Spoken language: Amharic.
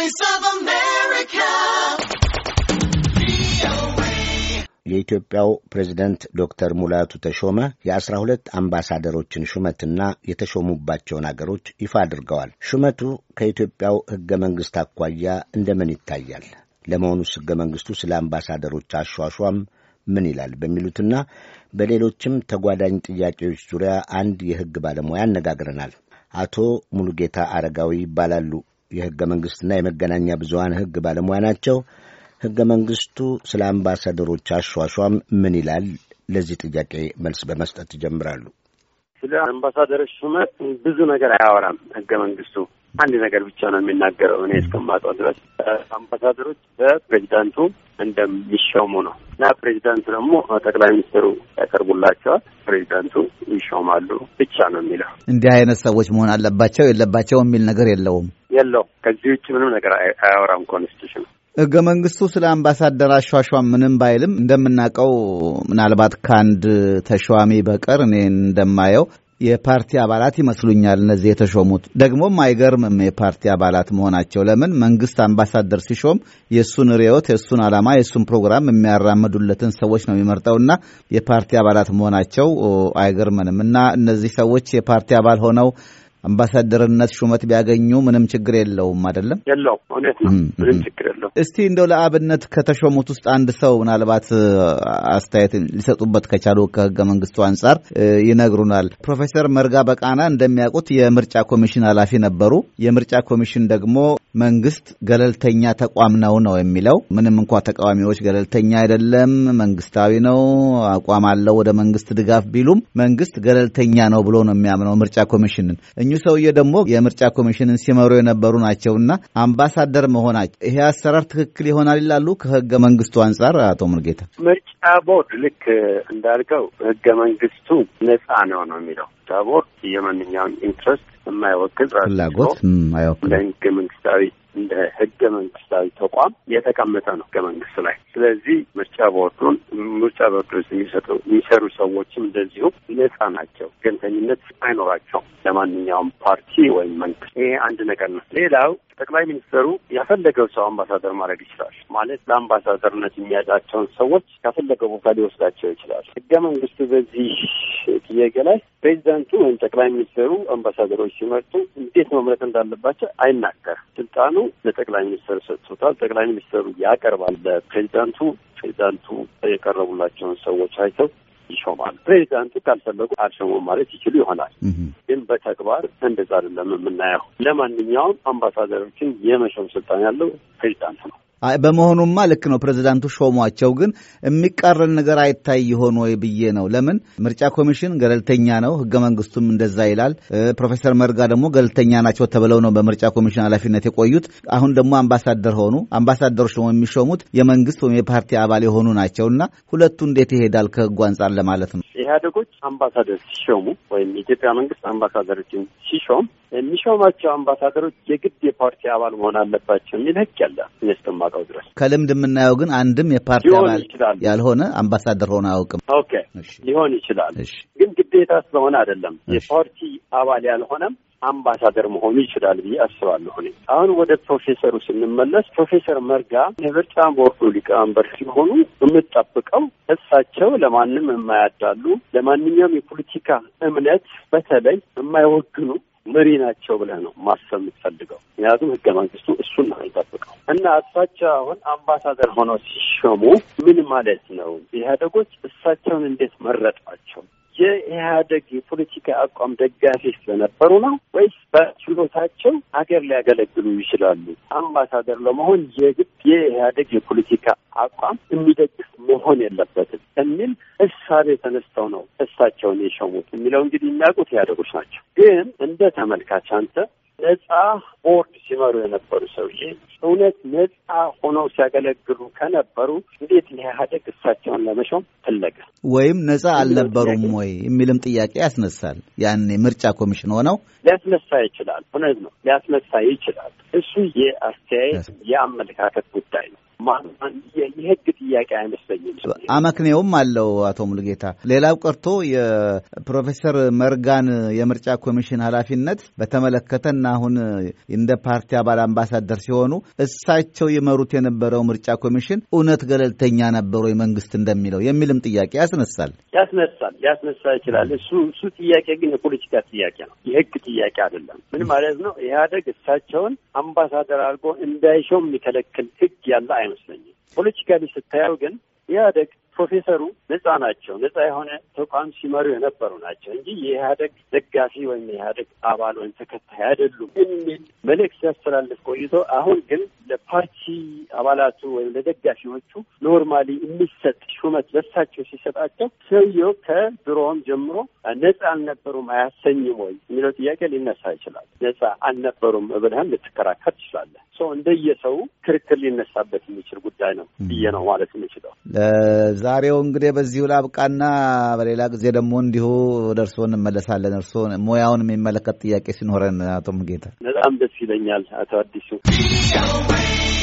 Voice of America. የኢትዮጵያው ፕሬዝደንት ዶክተር ሙላቱ ተሾመ የአስራ ሁለት አምባሳደሮችን ሹመትና የተሾሙባቸውን አገሮች ይፋ አድርገዋል። ሹመቱ ከኢትዮጵያው ሕገ መንግሥት አኳያ እንደምን ይታያል? ለመሆኑስ ሕገ መንግሥቱ ስለ አምባሳደሮች አሿሿም ምን ይላል? በሚሉትና በሌሎችም ተጓዳኝ ጥያቄዎች ዙሪያ አንድ የሕግ ባለሙያ አነጋግረናል። አቶ ሙሉጌታ አረጋዊ ይባላሉ። የሕገ መንግሥትና የመገናኛ ብዙሀን ሕግ ባለሙያ ናቸው። ሕገ መንግሥቱ ስለ አምባሳደሮች አሿሿም ምን ይላል? ለዚህ ጥያቄ መልስ በመስጠት ይጀምራሉ። ስለ አምባሳደሮች ሹመት ብዙ ነገር አያወራም ሕገ መንግሥቱ አንድ ነገር ብቻ ነው የሚናገረው። እኔ እስከማውቀው ድረስ አምባሳደሮች በፕሬዚዳንቱ እንደሚሾሙ ነው እና ፕሬዚዳንቱ ደግሞ ጠቅላይ ሚኒስትሩ ያቀርቡላቸዋል፣ ፕሬዚዳንቱ ይሾማሉ ብቻ ነው የሚለው። እንዲህ አይነት ሰዎች መሆን አለባቸው የለባቸው የሚል ነገር የለውም። የለው። ከዚህ ውጭ ምንም ነገር አያወራም ኮንስቲቱሽን። ህገ መንግስቱ ስለ አምባሳደር አሿሿም ምንም ባይልም እንደምናውቀው ምናልባት ከአንድ ተሿሚ በቀር እኔ እንደማየው የፓርቲ አባላት ይመስሉኛል እነዚህ የተሾሙት። ደግሞም አይገርምም የፓርቲ አባላት መሆናቸው። ለምን መንግስት አምባሳደር ሲሾም የእሱን ርዕዮት፣ የእሱን ዓላማ፣ የእሱን ፕሮግራም የሚያራምዱለትን ሰዎች ነው የሚመርጠውና የፓርቲ አባላት መሆናቸው አይገርመንም። እና እነዚህ ሰዎች የፓርቲ አባል ሆነው አምባሳደርነት ሹመት ቢያገኙ ምንም ችግር የለውም። አይደለም የለውም፣ እውነት ነው። ምንም ችግር የለውም። እስቲ እንደው ለአብነት ከተሾሙት ውስጥ አንድ ሰው ምናልባት አስተያየት ሊሰጡበት ከቻሉ ከህገ መንግስቱ አንጻር ይነግሩናል። ፕሮፌሰር መርጋ በቃና እንደሚያውቁት የምርጫ ኮሚሽን ኃላፊ ነበሩ። የምርጫ ኮሚሽን ደግሞ መንግስት ገለልተኛ ተቋም ነው ነው የሚለው ምንም እንኳ ተቃዋሚዎች ገለልተኛ አይደለም፣ መንግስታዊ ነው፣ አቋም አለው ወደ መንግስት ድጋፍ ቢሉም መንግስት ገለልተኛ ነው ብሎ ነው የሚያምነው ምርጫ ኮሚሽንን እኚሁ ሰውዬ ደግሞ የምርጫ ኮሚሽንን ሲመሩ የነበሩ ናቸውና አምባሳደር መሆናቸው ይሄ አሰራር ትክክል ይሆናል ይላሉ ከህገ መንግስቱ አንጻር አቶ ሙርጌታ? ምርጫ ቦርድ ልክ እንዳልከው ህገ መንግስቱ ነጻ ነው ነው የሚለው ምርጫ ቦርድ የማንኛውን ኢንትረስት የማይወክል ፍላጎት አይወክል ህገ መንግስታዊ እንደ ህገ መንግስታዊ ተቋም የተቀመጠ ነው ህገ መንግስት ላይ። ስለዚህ ምርጫ ቦርዱን ምርጫ በክርስ የሚሰጡ የሚሰሩ ሰዎችም እንደዚሁ ነጻ ናቸው። ገንተኝነት አይኖራቸው ለማንኛውም ፓርቲ ወይም መንግስት። ይሄ አንድ ነገር ነው። ሌላው ጠቅላይ ሚኒስትሩ ያፈለገው ሰው አምባሳደር ማድረግ ይችላል። ማለት ለአምባሳደርነት የሚያጫቸውን ሰዎች ያፈለገው ቦታ ሊወስዳቸው ይችላል። ህገ መንግስቱ በዚህ ጥያቄ ላይ ፕሬዚዳንቱ ወይም ጠቅላይ ሚኒስትሩ አምባሳደሮች ሲመርጡ እንዴት መምረጥ እንዳለባቸው አይናገርም። ስልጣኑ ለጠቅላይ ሚኒስትር ሰጥቶታል። ጠቅላይ ሚኒስትሩ ያቀርባል ለፕሬዚዳንቱ። ፕሬዚዳንቱ የቀረቡላቸውን ሰዎች አይተው ይሾማል። ፕሬዚዳንቱ ካልፈለጉ አልሾሙም ማለት ይችሉ ይሆናል። ግን በተግባር እንደዛ አይደለም የምናየው። ለማንኛውም አምባሳደሮችን የመሾም ስልጣን ያለው ፕሬዚዳንት ነው። በመሆኑማ ልክ ነው ፕሬዚዳንቱ ሾሟቸው። ግን የሚቃረን ነገር አይታይ ይሆን ወይ ብዬ ነው። ለምን ምርጫ ኮሚሽን ገለልተኛ ነው፣ ህገ መንግስቱም እንደዛ ይላል። ፕሮፌሰር መርጋ ደግሞ ገለልተኛ ናቸው ተብለው ነው በምርጫ ኮሚሽን ኃላፊነት የቆዩት። አሁን ደግሞ አምባሳደር ሆኑ። አምባሳደሮች ደግሞ የሚሾሙት የመንግስት ወይም የፓርቲ አባል የሆኑ ናቸው እና ሁለቱ እንዴት ይሄዳል ከህጉ አንጻር ለማለት ነው። ኢህአዴጎች አምባሳደር ሲሾሙ ወይም የኢትዮጵያ መንግስት አምባሳደሮችን ሲሾም የሚሾማቸው አምባሳደሮች የግድ የፓርቲ አባል መሆን አለባቸው የሚል ህግ ያለ እስከማውቀው ድረስ። ከልምድ የምናየው ግን አንድም የፓርቲ አባል ያልሆነ አምባሳደር ሆነ አያውቅም። ኦኬ ሊሆን ይችላል፣ ግን ግዴታ ስለሆነ አይደለም። የፓርቲ አባል ያልሆነም አምባሳደር መሆኑ ይችላል ብዬ አስባለሁ። እኔ አሁን ወደ ፕሮፌሰሩ ስንመለስ ፕሮፌሰር መርጋ የምርጫ ቦርዱ ሊቀመንበር ሲሆኑ የምጠብቀው እሳቸው ለማንም የማያዳሉ ለማንኛውም የፖለቲካ እምነት በተለይ የማይወግኑ መሪ ናቸው ብለህ ነው ማሰብ የምትፈልገው። ምክንያቱም ህገ መንግስቱ እሱን ነው የሚጠብቀው። እና እሳቸው አሁን አምባሳደር ሆነው ሲሾሙ ምን ማለት ነው? ኢህአደጎች እሳቸውን እንዴት መረጧቸው? የኢህአደግ የፖለቲካ አቋም ደጋፊ ስለነበሩ ነው ወይስ በችሎታቸው ሀገር ሊያገለግሉ ይችላሉ? አምባሳደር ለመሆን የግድ የኢህአደግ የፖለቲካ አቋም የሚደግፍ መሆን የለበትም የሚል እሳቤ ተነስተው ነው እሳቸውን የሾሙት የሚለው እንግዲህ የሚያውቁት ኢህአደጎች ናቸው። ግን እንደ ተመልካች አንተ ነጻ ቦርድ ሲመሩ የነበሩ ሰውዬ እውነት ነጻ ሆነው ሲያገለግሉ ከነበሩ እንዴት ለኢህአዴግ እሳቸውን ለመሾም ፈለገ? ወይም ነጻ አልነበሩም ወይ የሚልም ጥያቄ ያስነሳል። ያን የምርጫ ኮሚሽን ሆነው ሊያስነሳ ይችላል። እውነት ነው፣ ሊያስነሳ ይችላል። እሱ የአስተያየት የአመለካከት ጉዳይ ነው። የህግ ጥያቄ አይመስለኝም። አመክኔውም አለው አቶ ሙሉጌታ። ሌላው ቀርቶ የፕሮፌሰር መርጋን የምርጫ ኮሚሽን ኃላፊነት በተመለከተና አሁን እንደ ፓርቲ አባል አምባሳደር ሲሆኑ እሳቸው ይመሩት የነበረው ምርጫ ኮሚሽን እውነት ገለልተኛ ነበሩ መንግስት እንደሚለው የሚልም ጥያቄ ያስነሳል ያስነሳል ያስነሳ ይችላል። እሱ እሱ ጥያቄ ግን የፖለቲካ ጥያቄ ነው፣ የህግ ጥያቄ አይደለም። ምን ማለት ነው? ኢህአደግ እሳቸውን አምባሳደር አድርጎ እንዳይሾም የሚከለክል ህግ ያለ አይመስለኝም። ፖለቲካሊ ስታየው ግን ኢህአደግ ፕሮፌሰሩ ነጻ ናቸው። ነጻ የሆነ ተቋም ሲመሩ የነበሩ ናቸው እንጂ የኢህአደግ ደጋፊ ወይም የኢህአደግ አባል ወይም ተከታይ አይደሉም የሚል መልእክት ሲያስተላልፍ ቆይቶ አሁን ግን ለፓርቲ አባላቱ ወይም ለደጋፊዎቹ ኖርማሊ የሚሰጥ ሹመት ለሳቸው ሲሰጣቸው ሰውየው ከድሮም ጀምሮ ነጻ አልነበሩም አያሰኝም ወይ የሚለው ጥያቄ ሊነሳ ይችላል። ነጻ አልነበሩም ብለህም ልትከራከር ትችላለህ። እንደየሰው ክርክር ሊነሳበት የሚችል ጉዳይ ነው ብዬ ነው ማለት የምችለው። ለዛሬው እንግዲህ በዚሁ ላብቃና በሌላ ጊዜ ደግሞ እንዲሁ ወደ እርስዎ እንመለሳለን። እርስዎ ሙያውን የሚመለከት ጥያቄ ሲኖረን አቶ ሙጌታ በጣም ደስ ይለኛል። አቶ አዲሱ